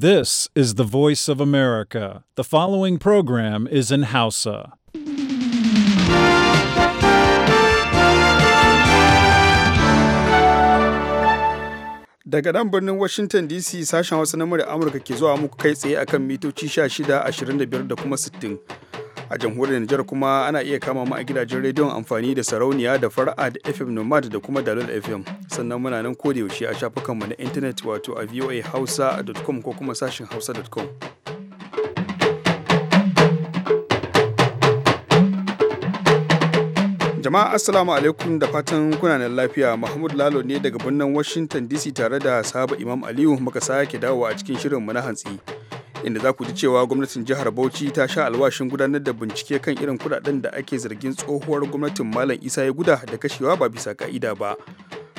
This is the voice of America. The following program is in Hausa. Daga nan birnin Washington DC sashen Hausa na murya Amurka ke zuwa muku kai tsaye akan mitoci 16, 25 da kuma 60. a jamhuriyar Nijar kuma ana iya kama mu a gidajen rediyon amfani da sarauniya da fara'a da FM Nomad da kuma Dalol FM sannan muna nan ko da yaushe a shafukanmu na intanet wato a voahausa.com ko kuma sashin hausa.com. Jama'a Assalamu alaikum da fatan kuna nan lafiya Mahmud Lalo ne daga birnin Washington DC tare da Sahaba Imam Aliyu muka sake dawowa a cikin shirinmu na hantsi. inda za ku ji cewa gwamnatin jihar bauchi ta sha alwashin gudanar da bincike kan irin kudaden da ake zargin tsohuwar gwamnatin malam isa ya guda da kashewa ba bisa ka'ida ba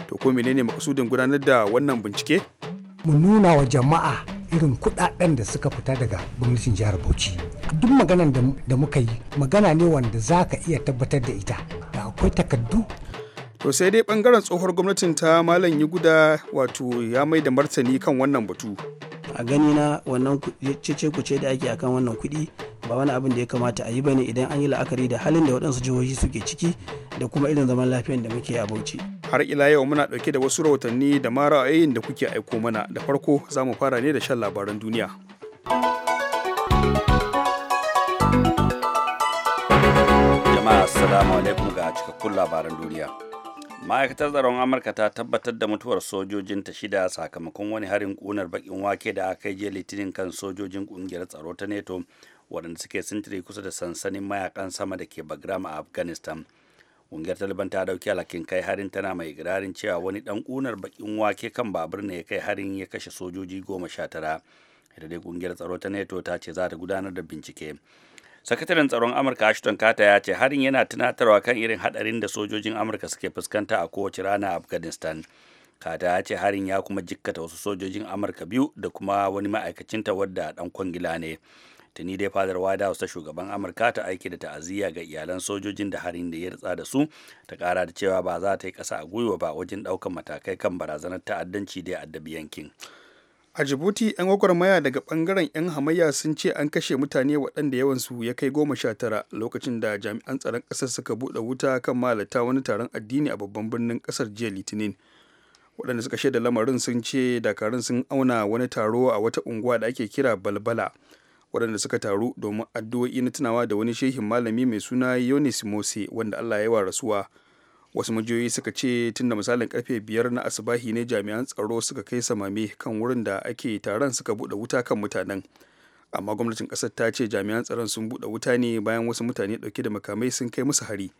to ko menene makasudin gudanar da wannan bincike mu nuna wa jama'a irin kudaden da suka fita daga gwamnatin jihar bauchi duk maganan da muka yi magana ne wanda za ka iya tabbatar da ita da akwai takardu to sai dai bangaren tsohuwar gwamnatin ta malam ya guda wato ya mai da martani kan wannan batu a gani na wannan cece kuce da ake akan wannan kuɗi ba wani abin da ya kamata a yi bane idan an yi la'akari da halin da waɗansu jihohi suke ciki da kuma irin zaman lafiyan da muke a Bauchi. Har ila yau muna ɗauke da wasu rahotanni da ma ra'ayoyin da kuke aiko mana da farko za mu fara ne da shan labaran duniya. Jama'a assalamu alaikum ga cikakkun labaran duniya. ma'aikatar tsaron amurka ta tabbatar da mutuwar sojojinta shida sakamakon wani harin kunar bakin wake da aka yi jiya litinin kan sojojin kungiyar tsaro ta neto waɗanda suke sintiri kusa da sansanin mayakan sama da ke bagram a afghanistan kungiyar taliban ta dauki alhakin kai harin tana mai igirarin cewa wani dan kunar bakin wake kan babur ne ya kai harin ya kashe sojoji goma sha tara ita dai kungiyar tsaro ta neto ta ce za ta gudanar da bincike sakataren tsaron amurka ashton kata ya ce harin yana tunatarwa kan irin hadarin da sojojin amurka suke fuskanta a kowace rana a afghanistan kata ya ce harin ya kuma jikkata wasu sojojin amurka biyu da kuma wani ma'aikacinta wadda dan kwangila ne tuni dai fadar wada wasu shugaban amurka ta aiki da ta'aziyya ga iyalan sojojin da harin da ya ritsa da su ta kara da cewa ba za ta yi kasa a gwiwa ba wajen daukan matakai kan barazanar ta'addanci da addabi yankin A jibuti 'yan gwagwarmaya daga ɓangaren 'yan hamayya sun ce an kashe mutane waɗanda yawansu ya kai goma sha tara lokacin da jami'an tsaron ƙasar suka buɗe wuta kan malata wani taron addini a babban birnin ƙasar jiya Litinin. Waɗanda suka shaida lamarin sun ce dakarun sun auna wani taro a wata unguwa da ake kira Balbala. Waɗanda suka taru domin addu'o'i na tunawa da wani shehin malami mai suna Yonis Mose wanda Allah ya yi wa rasuwa. wasu majiyoyi suka ce tun da misalin karfe biyar na asibahi ne jami'an tsaro suka kai samame kan wurin da ake taron suka buɗe wuta kan mutanen amma gwamnatin ƙasar ta ce jami'an tsaron sun buɗe wuta ne bayan wasu mutane ɗauke da makamai sun kai musu hari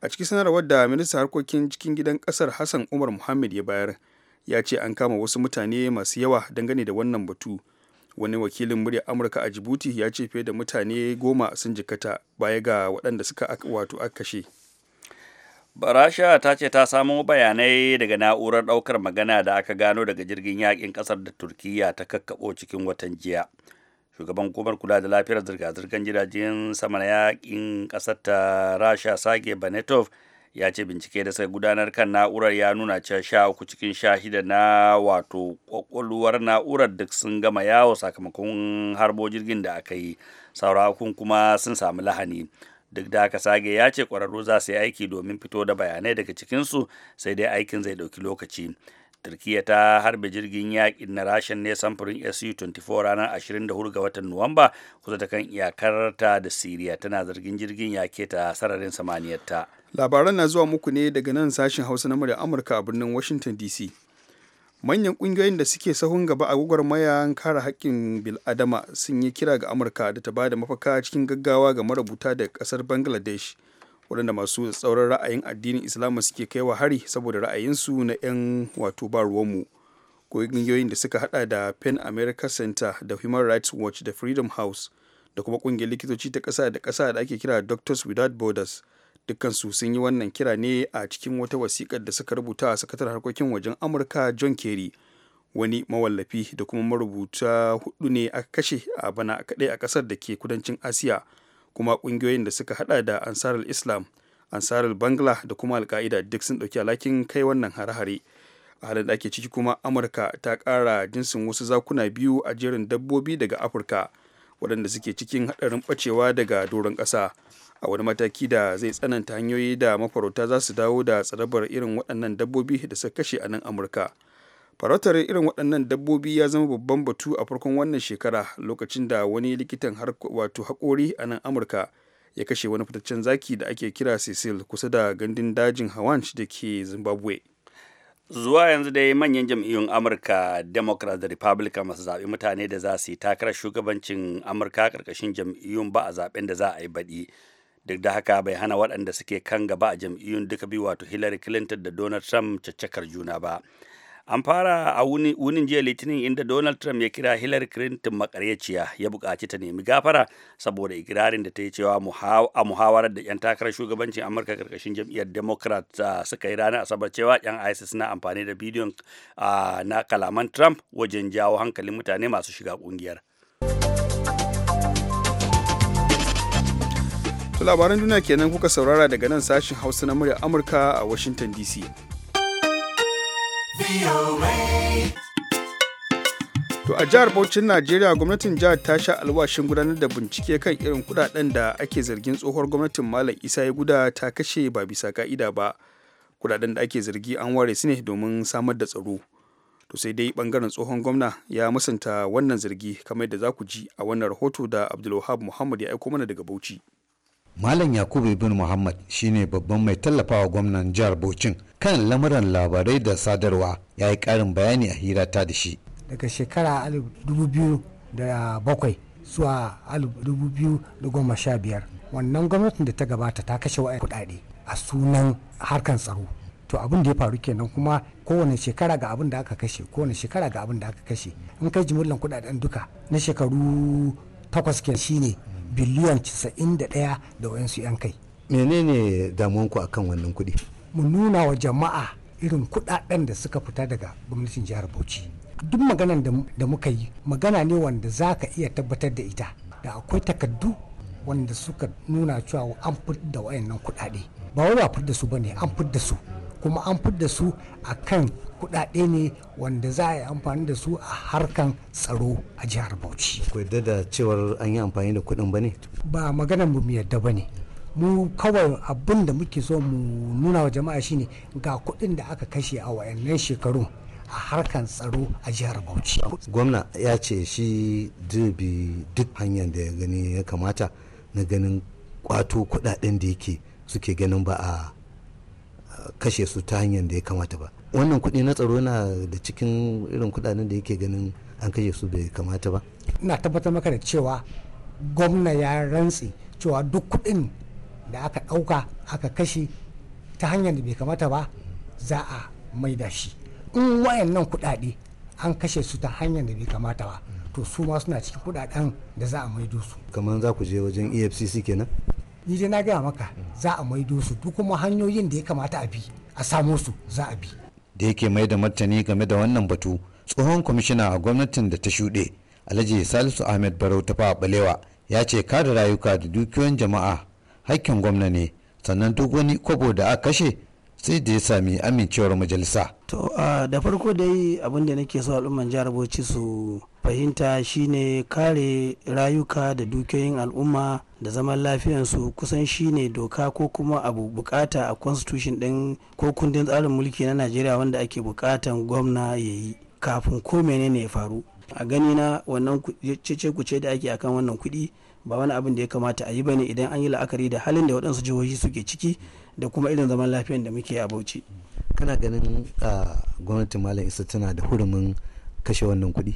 a cikin sanarwar da minista harkokin cikin gidan ƙasar hassan umar muhammad ya bayar ya ce an kama wasu mutane masu yawa dangane da wannan batu wani wakilin murya amurka a jibuti ya ce fiye da mutane goma sun jikata baya ga waɗanda suka wato aka kashe Rasha ta ce ta samo bayanai daga na'urar ɗaukar magana da aka gano daga jirgin yakin ƙasar da Turkiyya ta kakkaɓo cikin watan jiya. Shugaban hukumar kula da lafiyar zirga-zirgar jiragen sama na yaƙin ƙasar ta Rasha Sage Banetov ya ce bincike da sai gudanar kan na'urar ya nuna cewa sha uku cikin sha shida na wato kwakwalwar na'urar duk sun gama yawo sakamakon harbo jirgin da aka yi saura kuma sun samu lahani. duk da haka sage ya ce kwararru za su yi aiki domin fito da bayanai daga cikinsu sai dai aikin zai ɗauki lokaci turkiya ta harbe jirgin yaƙin na rashin ne samfurin su-24 ranar 24 ga watan nuwamba kusa ta kan iyakarta da siriya tana zargin jirgin ya ta sararin samaniyarta labaran na zuwa muku ne daga nan sashen hausa na murya amurka a birnin washington dc manyan ƙungiyoyin da suke sahun gaba a gwagwarmayan kare haƙƙin bil'adama sun yi kira ga amurka da ta ba da mafaka cikin gaggawa ga marabuta da ƙasar bangladesh waɗanda masu tsauran ra'ayin addinin islamu suke kai wa hari saboda ra'ayinsu na 'yan wato ba ruwanmu ƙungiyoyin da suka hada da pen america center da human rights watch da freedom house da kuma ƙungiyar likitoci ta ƙasa da ƙasa da ake kira doctors without borders dukkansu sun yi wannan kira ne a cikin wata wasiƙar da suka rubuta a sakatar harkokin wajen amurka john kerry wani mawallafi da kuma marubuta hudu ne aka kashe a bana kaɗai a ƙasar da ke kudancin asiya kuma ƙungiyoyin da suka hada da ansarar islam ansarar bangla da kuma alka'ida duk sun ɗauki alakin kai wannan hare-hare a halin da ake ciki kuma amurka ta ƙara jinsin wasu zakuna biyu a jerin dabbobi daga afirka waɗanda suke cikin haɗarin ɓacewa daga doron ƙasa a wani mataki da zai tsananta hanyoyi da mafarauta za su dawo da tsarabar irin waɗannan dabbobi da suka kashe a nan amurka farautar irin waɗannan dabbobi ya zama babban batu a farkon wannan shekara lokacin da wani likitan wato haƙori a nan amurka ya kashe wani fitaccen zaki da ake kira cecil kusa da gandun dajin hawanch da ke zimbabwe zuwa yanzu dai manyan jam'iyyun amurka democrat da republican masu zaɓi mutane da za su yi takarar shugabancin amurka ƙarƙashin jam'iyyun ba a zaɓen da za a yi baɗi duk da haka bai hana waɗanda suke kan gaba a jam'iyyun duka biyu wato hillary clinton da donald trump caccakar juna ba an fara a wunin jiya litinin inda donald trump ya kira hillary clinton makaryaciya ya buƙaci ta nemi gafara saboda ikirarin da ta yi cewa a muhawarar da 'yan takarar shugabancin amurka karkashin jam'iyyar democrat ah, suka yi ranar asabar cewa 'yan isis na amfani da bidiyon ah, na kalaman trump wajen jawo hankalin mutane masu shiga ƙungiyar. labaran duniya kenan kuka saurara daga nan sashin Hausa na murya Amurka a Washington DC. To a jihar Bauchin Najeriya gwamnatin jihar ta sha alwashin gudanar da bincike kan irin kudaden da ake zargin tsohuwar gwamnatin Malam Isa ya guda ta kashe ba bisa ka'ida ba. Kudaden da ake zargi an ware su ne domin samar da tsaro. To sai dai bangaren tsohon gwamna ya musanta wannan zargi kamar da za ku ji a wannan rahoto da Abdulwahab Muhammad ya aiko mana daga Bauchi. Malam Yakubu Ibn Muhammad shine babban mai tallafawa gwamnan jihar bocin kan lamuran labarai da sadarwa ya yi karin bayani a hira ta da shi. Daga shekara 2007 zuwa biyar wannan gwamnatin da ta gabata ta kashe wa'ai kuɗaɗe a sunan harkan tsaro. To abin da ya faru kenan kuma kowane shekara ga abin da aka kashe kowane shekara ga abin da aka kashe in kai jimillan kuɗaɗen duka na shekaru takwas kenan shine biliyan 91 da wayansu 'yan kai menene damuwanku akan wannan kuɗi mu nuna wa jama'a irin kuɗaɗen da suka fita daga gwamnatin jihar bauchi duk maganan da muka yi magana ne wanda za ka iya tabbatar da ita da akwai takardu wanda suka nuna cewa an da wayannan kuɗaɗe ba wai ba da su bane an da su kuma an da su akan kuɗaɗe ne wanda za a yi amfani da su a harkan tsaro a jihar bauchi ku yadda da cewar an yi amfani da kuɗin ba ne ba maganar mu yadda ba ne mu kawai abin da muke so mu nuna wa jama'a shine ga kuɗin da aka kashe a wayannan shekaru a harkan tsaro a jihar bauchi gwamna ya ce shi dubi duk hanyar da ya gani ya kamata na ganin kwato kuɗaɗen da yake suke ganin ba a kashe su ta hanyar da ya kamata ba wannan kuɗi na tsaro na da cikin irin kuɗaɗen da yake ganin an kashe su bai kamata ba ina tabbatar maka da cewa gwamna ya rantsi cewa duk kuɗin da aka ɗauka aka kashe ta hanyar da bai kamata ba za a da shi in wayan nan kuɗaɗe an kashe su ta hanyar da bai kamata ba to su ma suna cikin kuɗaɗen da za a maido su kamar za ku je wajen efcc kenan ni dai na gaya maka za a maido su duk kuma hanyoyin da ya kamata a bi a samo su za a bi da yake mai da martani game da wannan batu tsohon kwamishina a gwamnatin da ta shuɗe alhaji salisu ahmed barau ta fa balewa ya ce kada rayuka da dukiyoyin jama'a hakkin gwamna ne sannan duk wani kwabo da aka kashe sai da ya sami amincewar majalisa to da farko dai abin da nake so al'umman jihar bauchi su fahimta shine kare rayuka da dukiyoyin al'umma da zaman lafiyansu kusan shine doka ko kuma abu bukata a constitution din ko kundin tsarin mulki na najeriya wanda ake bukatan gwamna ya yi kafin ko menene ya faru a gani na wannan cece kuce da ake akan wannan kuɗi ba wani abin da ya kamata a yi bane idan an yi la'akari da halin da waɗansu jihohi suke ciki da kuma irin zaman lafiyan da muke a bauchi kana ganin gwamnatin malam isa tana da hurumin kashe wannan kuɗi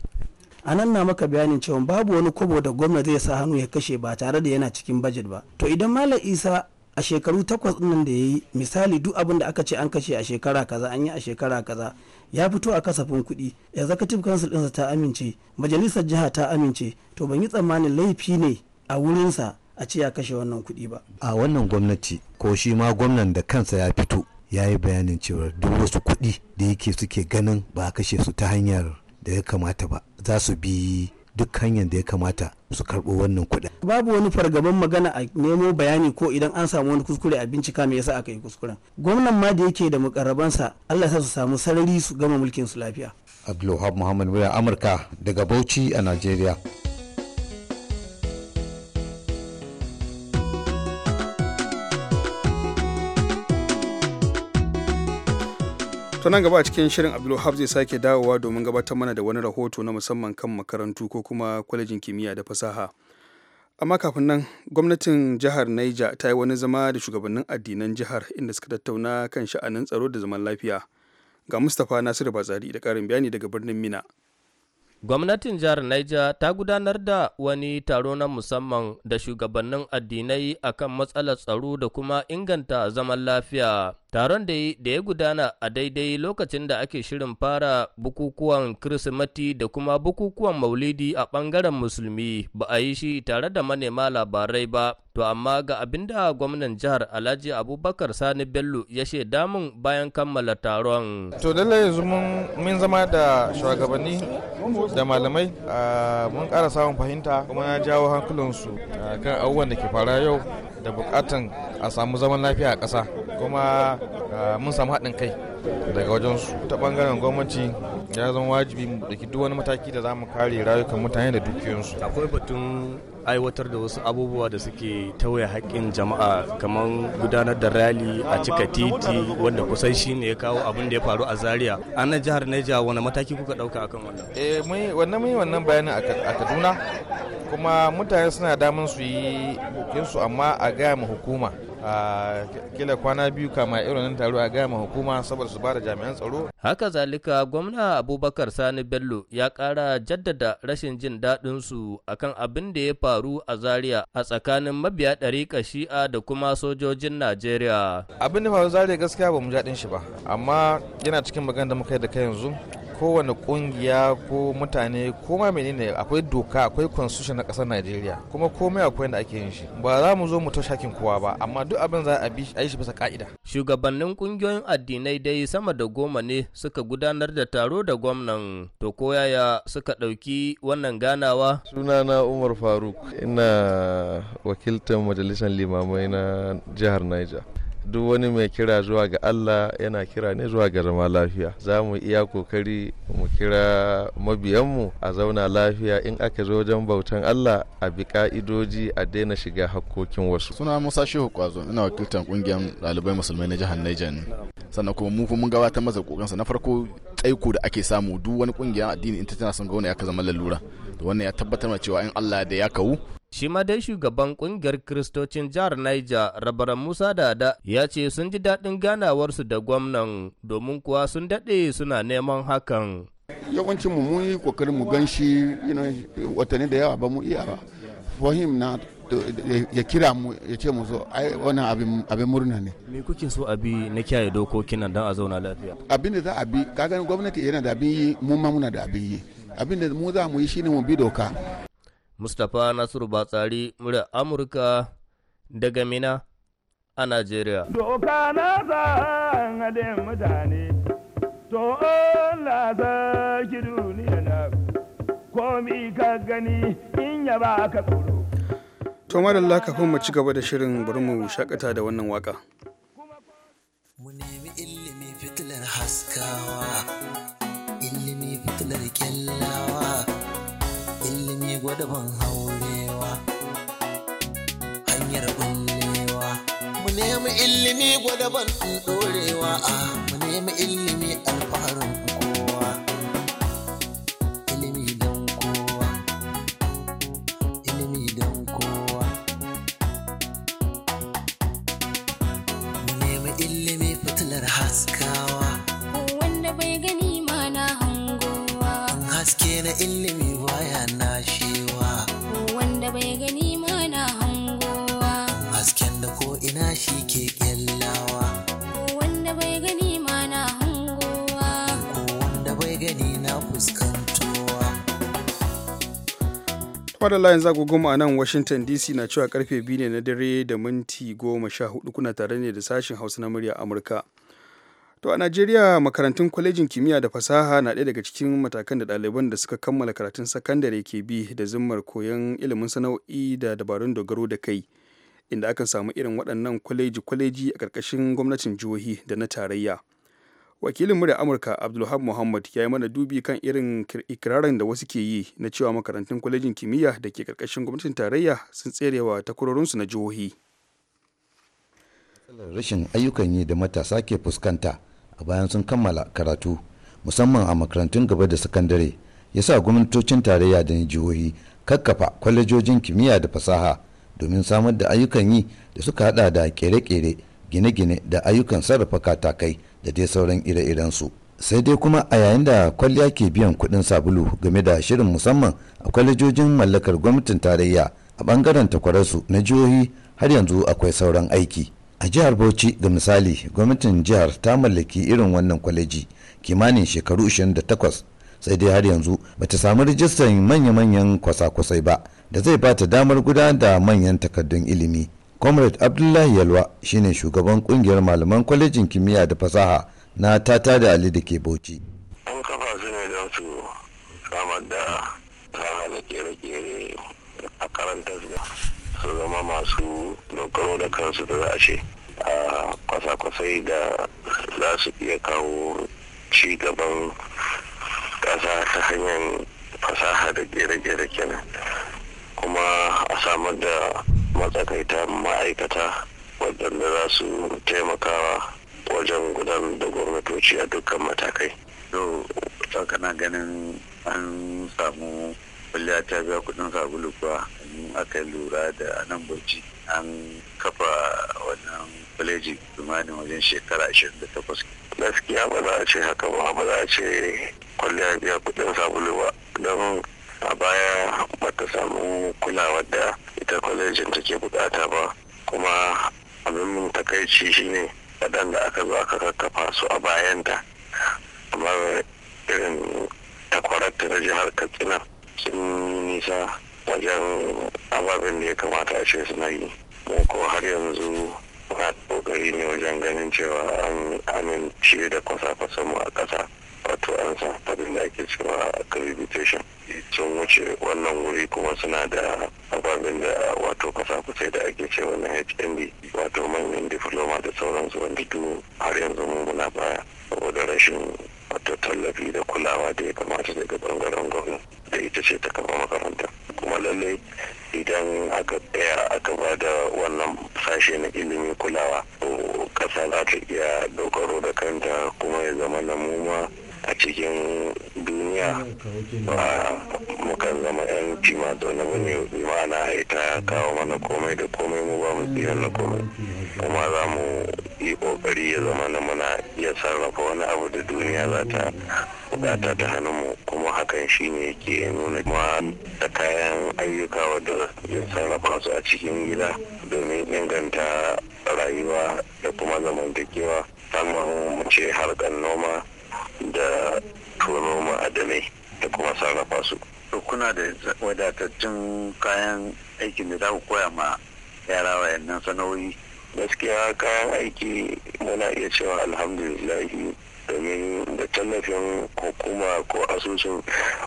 a nan na maka bayanin cewa babu wani kobo da gwamna zai sa hannu ya kashe ba tare da yana cikin bajet ba to idan malam isa a shekaru takwas dinnan da ya yi misali duk abin da aka ce an kashe a shekara kaza an yi a shekara kaza ya fito a kasafin kuɗi executive council ɗinsa ta amince majalisar jiha ta amince to ban yi tsammanin laifi ne a wurinsa a ce ya kashe wannan kuɗi ba a wannan gwamnati ko shi ma gwamnan da kansa ya fito ya yi bayanin cewa duk wasu kuɗi da yake suke ganin ba a kashe su ta hanyar da ya kamata ba za su bi duk hanyar da ya kamata su karɓo wannan kuɗin. Babu wani fargaban magana a nemo bayani ko idan an samu wani kuskure a bincika me yasa aka yi kuskuren. Gwamnan ma da yake da mukarrabansa Allah sa su samu sarari su gama mulkin su lafiya. Abdulwahab Muhammad Wuya Amurka daga Bauchi a Najeriya. to nan gaba a cikin shirin abdulwahab zai sake dawowa domin gabatar mana da wani rahoto na musamman kan makarantu ko kuma kwalejin kimiyya da fasaha amma kafin nan gwamnatin jihar niger ta yi wani zama da shugabannin addinan jihar inda suka tattauna kan sha'anin tsaro da zaman lafiya ga mustapha nasiru batsari da karin bayani daga birnin mina Gwamnatin jihar Niger ta gudanar da wani taro na musamman da shugabannin addinai a kan matsalar tsaro da kuma inganta zaman lafiya. Taron da ya gudana a daidai lokacin da ake shirin fara bukukuwan Kirsimeti da kuma bukukuwan Maulidi a ɓangaren Musulmi ba a yi shi tare da manema labarai ba. To amma ga abin da gwamnan jihar Alhaji Abubakar Sani Bello ya shaida mun bayan kammala taron. To lallai yanzu mun zama da shugabanni da malamai mun ƙara samun fahimta kuma na jawo hankulansu kan abubuwan da ke fara yau da bukatan a samu zaman lafiya a ƙasa kuma mun samu haɗin kai. daga wajen su ta bangaren gwamnati ya zama wajibi mu ɗauki duk wani mataki da za mu kare rayukan mutane da dukiyoyinsu akwai batun aiwatar da wasu abubuwa da suke tauye haƙƙin jama'a kamar gudanar da rali a cika titi wanda kusan shi ne ya kawo abin da ya faru a zaria an na jihar neja wani mataki kuka ɗauka akan wannan eh mai wannan wannan bayanin a kaduna kuma mutane suna damar su yi bukinsu amma a gaya ma hukuma a kila kwana biyu kama irin nan taro a gaya ma hukuma saboda su bada jami'an tsaro. Haka zalika gwamna Abubakar Sani Bello ya kara jaddada rashin jin daɗinsu su akan abin da ya faru a Zaria a tsakanin mabiya ɗariƙa Shi'a da kuma sojojin Najeriya. Abin da faru Zaria gaskiya ba mu jaɗin shi ba amma yana cikin magana da muka yi da kai yanzu kowane kungiya ko mutane ko ma menene akwai doka akwai constitution na kasar Najeriya kuma komai akwai da ake yin shi ba za mu zo mu toshe hakin kowa ba amma duk abin za a bi shi bisa ka'ida shugabannin kungiyoyin addinai dai sama da goma ne suka gudanar da taro da gwamnan to koyaya suka ɗauki wannan ganawa sunana Umar Faruk ina wakiltar majalisar limamai na jihar Niger duk wani mai kira zuwa ga Allah yana kira ne zuwa ga zama lafiya za mu iya kokari mu kira mabiyanmu a zauna lafiya in aka zo wajen bautan Allah a bi ka'idoji a daina shiga hakkokin wasu suna Musa Shehu Kwazo ina wakiltar kungiyar ɗalibai musulmai na jihar Niger sannan kuma mu mun gabatar masa kokansa na farko tsaiko da ake samu duk wani kungiya addini in ta tana son ga wani ya ka zama lalura to wannan ya tabbatar cewa in Allah da ya kawu Shi ma dai shugaban kungiyar Kiristocin jihar Niger, rabara Musa Dada, ya ce sun ji daɗin ganawarsu da gwamnan domin kuwa sun daɗe suna neman hakan. Yawancin mu mun yi kokarin mu gan shi watanni da yawa ba mu iya ba. Fahim na ya kira mu ya ce mu zo ai wannan abin murna ne me kuke so abi na kiyaye dokokin nan don a zauna lafiya abin da za a bi kaga gwamnati yana da abin yi mu ma muna da abin yi abin da mu za mu yi shine mu bi doka Mustapha Nasiru Batsari murya Amurka daga Mina a Najeriya. Doka na zan haɗin mutane, to Allah sarki duniya na komi ka gani in ya ka tsoro. To madalla kafin mu ci gaba da shirin bari mu shakata da wannan waka. Mu nemi ilimi fitilar haskawa, ilimi fitilar kyallawa. ne gwadabin haurewa hanyar bullewa mu nemi ilimi gwadabin ɗorewa ah, mu nemi ilimi alfaharin fara layin zaku goma a nan Washington DC na cewa karfe biyu ne na dare da minti goma sha hudu kuna tare ne da sashen Hausa na murya Amurka. To a Najeriya makarantun kwalejin kimiyya da fasaha na ɗaya daga cikin matakan da ɗaliban da suka kammala karatun sakandare ke bi da zimmar koyon ilimin sana'o'i da dabarun dogaro da kai. Inda akan samu irin waɗannan kwaleji-kwaleji a ƙarƙashin gwamnatin jihohi da na tarayya. wakilin da amurka abdulhab muhammad ya yi mana dubi kan irin ikirarin da wasu ke yi na cewa makarantun kwalejin kimiyya da ke karkashin gwamnatin tarayya sun tserewa takwarorinsu na jihohi rashin ayyukan yi da matasa ke fuskanta a bayan sun kammala karatu musamman a makarantun gaba da sakandare ya sa gwamnatocin tarayya da na jihohi kakkafa kwalejojin kimiyya da fasaha domin samar da ayyukan yi da suka hada da kere-kere gine-gine da ayyukan sarrafa katakai da dai sauran ire iren su sai dai kuma a yayin da kwalliya ke biyan kudin sabulu game da shirin musamman a kwalejojin mallakar gwamnatin tarayya a bangaren takwararsu na jihohi har yanzu akwai sauran aiki a jihar bauchi ga misali gwamnatin jihar ta mallaki irin wannan kwaleji kimanin shekaru 28 sai dai har yanzu bata samu rijistar manya-manyan kwasa-kwasai ba da zai bata damar gudanar da manyan takardun ilimi comrade abdullahi yalwa shine shugaban kungiyar malaman kwalejin kimiyya da fasaha na tata da ali da ke bauchi an kafa su ne don su samar da sama da kere-kere a karanta su zama masu dogaro da kansu da za a ce a kwasa-kwasai da za su iya kawo ci gaban ƙasa ta hanyar fasaha da kere-kere kenan kuma a samar da matsakaita ma'aikata waɗanda za su taimakawa wajen gudan da gwamnatoci a dukkan matakai. to kana ganin an samu kwalliya ta biya kudin sabulu kuwa in aka lura da nan bauchi an kafa wannan kwaleji kimanin wajen shekara 28 gaskiya ba za a ce haka ba ba za a ce kwalliya biya kudin sabulu ba don a baya ba samu kulawa da ita kwalejin take bukata ba kuma abin takaici shine waɗanda aka zo aka kakkafa su a bayanta kamar irin takwararta na jihar katsina sun nisa wajen ababen da ya kamata a ce suna yi ko har yanzu ba kokari ne wajen ganin cewa an amince da kwasa kwasa mu a ƙasa wato an san abin da ake cewa accreditation sun wuce wannan wuri kuma suna da abinda wato kasa kusa da ake ce cewa na hnd wato manyan diploma da sauransu wanda duk har yanzu mu muna baya saboda rashin wato tallafi da kulawa da ya kamata daga bangaren gwamnati da ita ce ta kama makaranta kuma lallai idan aka tsaya aka ba da wannan sashe na ilimin kulawa to kasa za ta iya dokaro da kanta kuma ya zama na muma a cikin duk duniya kan zama yan da wani mu ne ma'ana ita ya kawo mana komai da komai mu ba mu tsira na komai kuma za mu yi kokari ya zama na muna ya sarrafa wani abu da duniya za ta bukata ta hannun mu kuma hakan shine ke nuna kuma da kayan ayyuka wadda ya sarrafa su a cikin gida domin inganta rayuwa da kuma zamantakewa musamman mu ce harkar noma da turoma. ma'adanai da kuma sarrafa su to kuna da wadatattun kayan aikin da za ku koya ma yara wayannan sanawoyi? gaskiya kayan aiki muna iya cewa alhamdulillah domin da tallafin hukuma ko asusun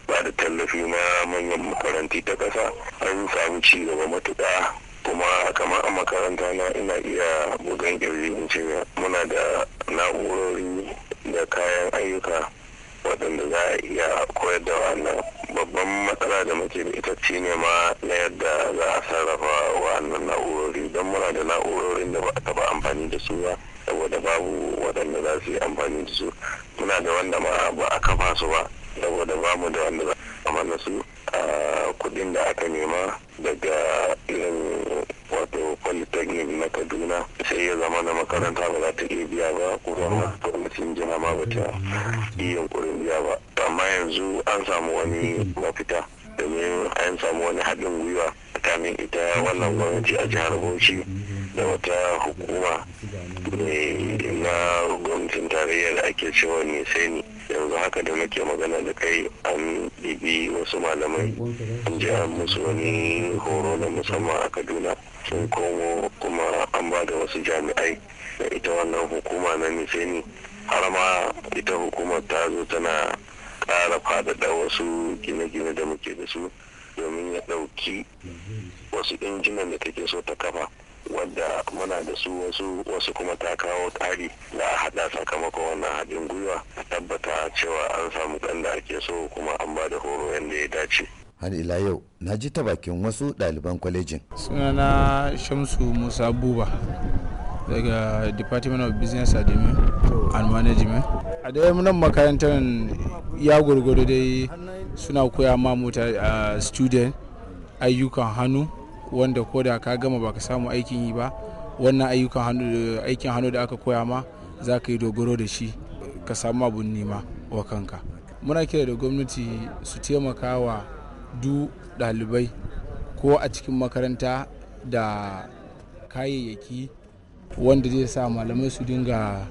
ba da tallafi ma manyan makaranti ta ƙasa an samu ci gaba matuƙa kuma kamar a makaranta na ina iya bugan irin cewa muna da na'urori da kayan ayyuka waɗanda za a iya koyar da wannan babban matsala da muke da ita ci ne ma na yadda za a sarrafa wannan na'urori don muna da na'urorin da ba a taɓa amfani da su ba saboda babu waɗanda za su yi amfani da su muna da wanda ma ba a kafa su ba saboda bamu da wanda za a mana su a kuɗin da aka nema daga irin wato polytechnic na kaduna sai ya zama na makaranta ba za ta iya biya ba kuma sun jina ma ba ta iya gaskiya ba amma yanzu an samu wani mafita domin an samu wani haɗin gwiwa tsakanin ita wannan gwamnati a jihar bauchi da wata hukuma na gwamnatin tarayya da ake cewa ne sai ni yanzu haka da muke magana da kai an ɗibi wasu malamai an ji an musu wani horo na musamman a kaduna sun komo kuma an ba da wasu jami'ai da ita wannan hukuma na niseni har ma ita hukumar ta zo tana ƙara faɗaɗa wasu gine-gine da muke da su domin ya ɗauki wasu injinan da take so ta kafa wadda muna da su wasu wasu kuma ta kawo ƙari da a haɗa sakamakon wannan haɗin gwiwa a tabbata cewa an samu ɗan da ake so kuma an ba da horo yadda ya dace har ila yau na ji ta bakin wasu ɗaliban kwalejin sunana shamsu musa buba daga department of business and management a dai nan makarantar ya gurguru dai suna koya ma mota a student ayyukan hannu wanda ko da ka gama baka samu aikin yi ba wannan ayyukan hannu aikin hannu da aka koya ma za ka yi dogaro da shi ka samu abun nema wa kanka muna kira da gwamnati su taimaka wa du ɗalibai ko a cikin makaranta da kayayyaki wanda zai sa malamai su dinga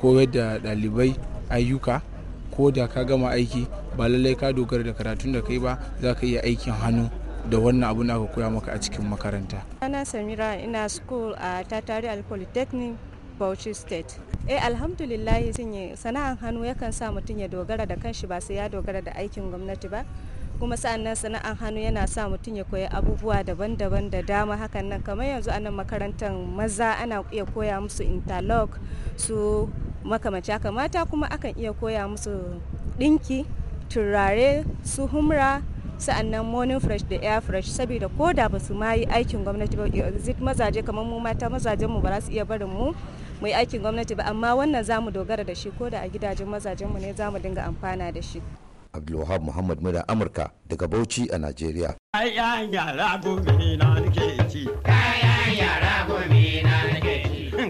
koyar da ɗalibai ayyuka ko da ka gama aiki ba lallai ka dogara da karatun da kai ba za ka iya aikin hannu da wannan abun aka koya maka a cikin makaranta. Ana Samira ina school a Tatari Al Polytechnic Bauchi State. Eh alhamdulillah sun sana'an hannu yakan sa mutum ya dogara da kanshi ba sai ya dogara da aikin gwamnati ba. kuma sa'annan sana'an hannu yana sa mutum ya koya abubuwa daban-daban da dama hakan nan kamar yanzu a nan makarantar maza ana iya koya musu interlock su makamaci haka mata kuma akan iya koya musu ɗinki turare su humra sa'annan morning fresh da air fresh saboda ko da ba su ma yi aikin gwamnati ba mazaje kamar mu mata mazajen mu ba za su iya barin mu mu yi aikin gwamnati ba amma wannan za mu dogara da shi ko da a gidajen mazajen mu ne za mu dinga amfana da shi abdulwahab muhammad muna amurka daga bauchi a najeriya kayan yara gobe na nake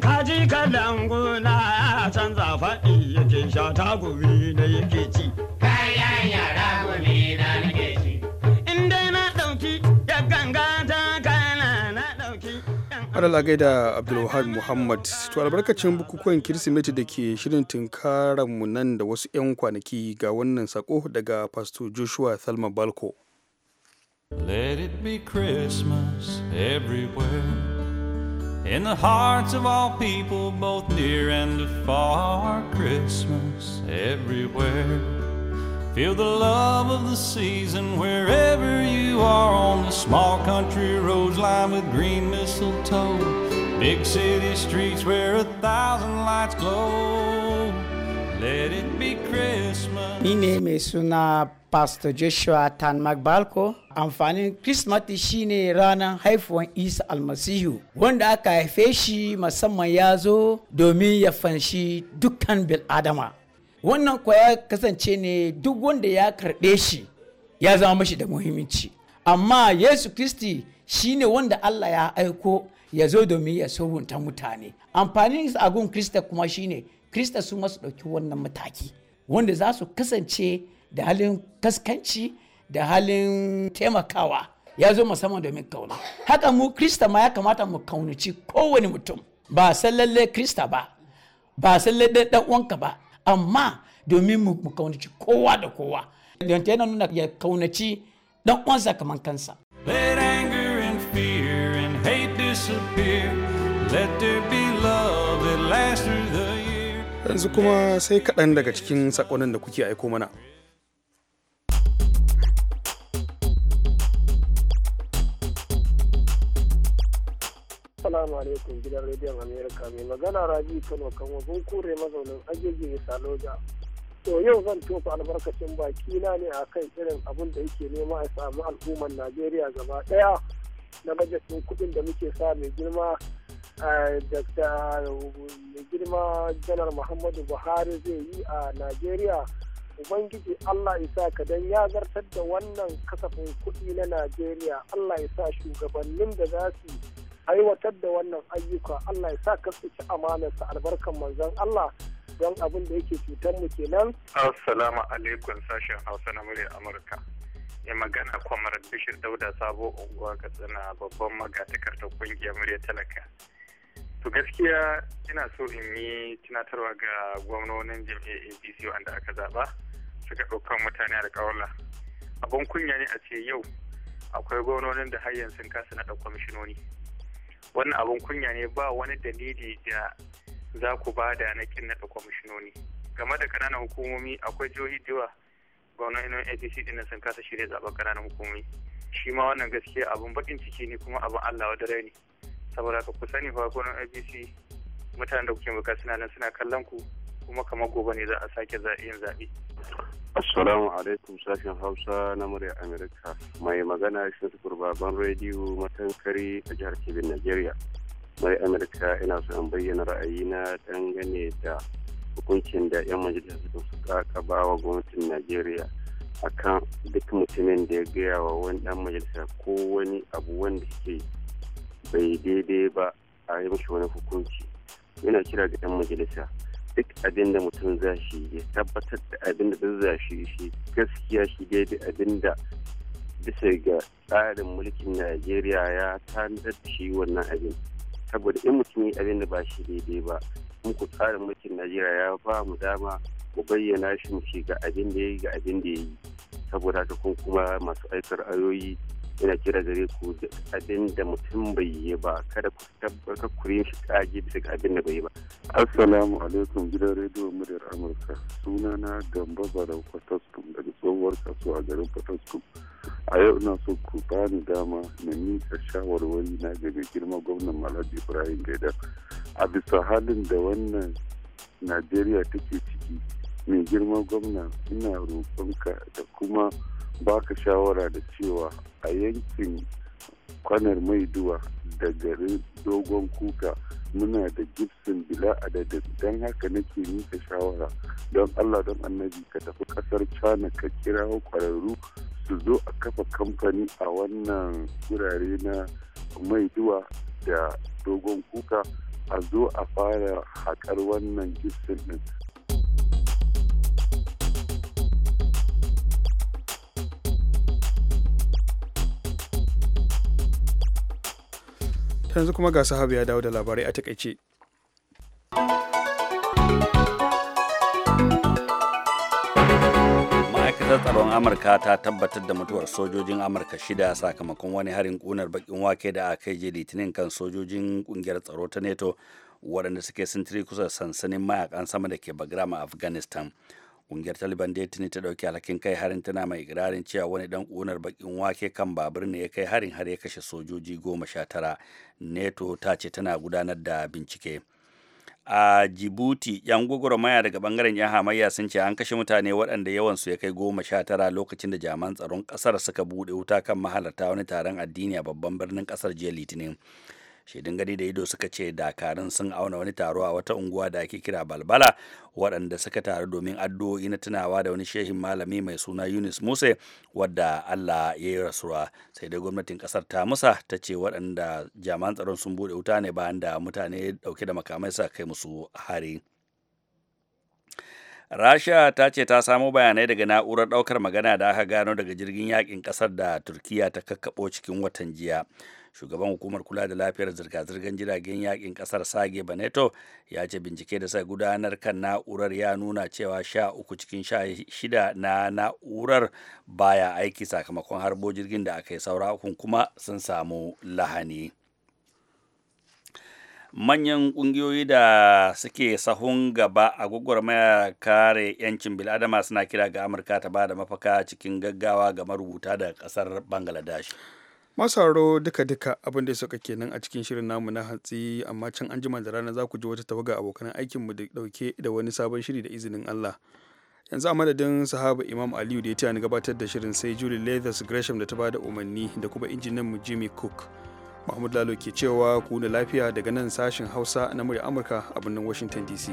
kaji na canza faɗi yake sha ta gobe na yake ci madalla gaida abdulwahab muhammad to albarkacin bukukuwan kirsimeti da ke shirin tunkarar mu nan da wasu 'yan kwanaki ga wannan sako daga pastor joshua salma balko let it be christmas everywhere in the hearts of all people both near and far christmas everywhere Feel the love of the season wherever you are on the small country roads lined with green mistletoe. Big city streets where a thousand lights glow. Let it be Christmas. is suna Pastor Joshua Tan Magbalko. finding Christmas shine Rana haifuwan is almasihu wanda aka haife shi musamman ya zo adama. wannan kwa ya kasance ne duk wanda ya karɓe shi ya zama mashi da muhimmanci amma yesu kristi shine wanda allah ya aiko ya zo domin ya sohunta mutane amfanin agun krista kuma shine krista su masu ɗauki wannan mataki wanda za su kasance da halin kaskanci da halin taimakawa ya zo musamman domin kauna haka mu krista ma ya kamata mu kaunaci kowane mutum ba san lallai krista ba ba san lallai dan uwanka ba amma domin mu kaunaci kowa da kowa yanta yana nuna ya kaunaci dan uwansa kamar kansa Let anger and fear and hate disappear. Let there be love that lasts through the year. Yanzu kuma sai kaɗan daga cikin saƙonin da kuke aiko mana. Assalamu alaikum gidan rediyon america mai magana Rabi Kano kan wajen kure mazaunin agege Saloja. To yau zan tofa albarkacin baki na ne a kan irin abin da yake nema a samu al'ummar Najeriya gaba daya na bajetin kudin da muke sa mai girma mai girma Janar Muhammadu Buhari zai yi a Najeriya. Ubangiji Allah isa ka don ya zartar da wannan kasafin kuɗi na Najeriya Allah isa shugabannin da za su aiwatar da wannan ayyuka Allah ya sa karfice amanarsa albarkan manzon Allah don abin da yake cutar mu kenan. Assalamu alaikum sashen Hausa na murya Amurka. Ya magana kwamar Bishir Dauda Sabo unguwa Katsina babban magatakar ta kungiyar murya talaka. To gaskiya ina so in yi tunatarwa ga gwamnonin jam'iyyar APC wanda aka zaba suka ɗaukan mutane da abun Abin kunya ne a ce yau akwai gwamnonin da har yanzu sun kasa naɗa kwamishinoni. wannan abin kunya ne ba wani dalili da za ku ba da na kin naɗa kwamishinoni game da ƙananan hukumomi akwai jihohi da yawa apc ɗin sun kasa shirya zaɓen kananan hukumomi shi ma wannan gaskiya abin baƙin ciki ne kuma abin allah wa dare ne saboda ka ku sani fa gwamnonin apc mutanen da kuke buƙata suna nan suna kallon ku kuma kamar gobe ne za a sake yin zaɓe Assalamu alaikum sashen Hausa na murya Amerika. Mai magana shi baban rediyo matankari a jihar Kebbi, Najeriya. Mai Amerika ina so in bayyana na dangane da hukuncin da 'yan majalisar suka kaba wa gwamnatin Najeriya akan duk mutumin da ya gaya wa wani dan majalisa ko wani abu wanda ke bai daidai ba a yi mashi wani hukunci. Ina kira ga 'yan majalisa duk abin da mutum za shi ya tabbatar da abin da za shi shi gaskiya shi daidai abin da bisa ga tsarin mulkin najeriya ya tanadar da shi wannan abin saboda in mutum yi abin da ba shi daidai ba in ku tsarin mulkin najeriya ya ba mu dama mu bayyana shi mu shiga ga abin da ya yi ga abin da ya yi saboda haka kun kuma masu aikar ayoyi yana kira gare ku da abin da mutum bai yi ba kada ku tabbatar ku yi shi kage bisa ga abin da bai yi ba assalamu alaikum gidan rediyo muryar amurka sunana gamba barau kwataskum daga tsohuwar a garin kwataskum a yau na so ku bani dama na nisa shawarwari na daga girma gwamnan malhaji ibrahim gaida a bisa halin da wannan najeriya take ciki mai girma gwamna ina roƙonka da kuma baka shawara da cewa a yankin kwanar maiduwa da garin dogon kuka muna da gibson bila adadin don haka nake nika shawara don allah don annabi ka tafi kasar china ka kira kwararru su zo a kafa kamfani a wannan wurare na mai maiduwa da dogon kuka a zo a fara haƙar wannan gibson din yanzu kuma ga sahabu ya dawo da labarai a takaice. ma'aikatar tsaron amurka ta tabbatar da mutuwar sojojin amurka shida sakamakon wani harin kunar bakin wake da aka yi litinin kan sojojin kungiyar tsaro ta neto waɗanda suke sintiri kusa sansanin mayakan sama da ke bagrama afghanistan afghanistan kungiyar taliban da tuni ta dauki alhakin kai harin tana mai ikirarin cewa wani dan kunar bakin wake kan babur ne ya kai harin har ya kashe sojoji goma sha tara neto ta ce tana gudanar da bincike a jibuti yan gwagwarmaya daga bangaren yan hamayya sun ce an kashe mutane waɗanda yawansu ya kai goma sha tara lokacin da jaman tsaron ƙasar suka buɗe wuta kan mahalarta wani taron addini a babban birnin ƙasar jiya litinin shaidun gani da ido suka ce dakarun sun auna wani taro a wata unguwa da ake kira balbala waɗanda suka taru domin addu'o'i na tunawa da wani shehin malami mai suna yunus musa wadda allah ya yi rasuwa sai dai gwamnatin ƙasar ta musa ta ce waɗanda jami'an tsaron sun buɗe wuta ne bayan da mutane ɗauke da makamai suka kai musu hari. rasha ta ce ta samo bayanai daga na'urar ɗaukar magana da aka gano daga jirgin yakin ƙasar da turkiya ta kakkaɓo cikin watan jiya shugaban hukumar kula da lafiyar zirga-zirgar jiragen yakin kasar sage baneto ya ce bincike da sai gudanar kan na'urar ya nuna cewa sha uku cikin sha shida na na'urar baya aiki sakamakon harbo jirgin da aka yi saura ukun kuma sun samu lahani. manyan ƙungiyoyi da suke sahun gaba a gwagwarmayar kare 'yancin bil'adama suna kira ga amurka ta ba da mafaka cikin gaggawa ga marubuta da ƙasar bangladesh masaro duka-duka abin da ya sauka kenan a cikin shirin namu na hatsi amma can an jima da rana za ku ji wata tawaga abokan aikinmu da dauke da wani sabon shiri da izinin Allah. Yanzu a madadin sahaba Imam Aliyu da ya ni gabatar da shirin sai Julie Leathers Gresham da ta ba da umarni da kuma injininmu mu Jimmy Cook. Mahmud Lalo ke cewa ku da lafiya daga nan sashen Hausa na murya Amurka a birnin Washington DC.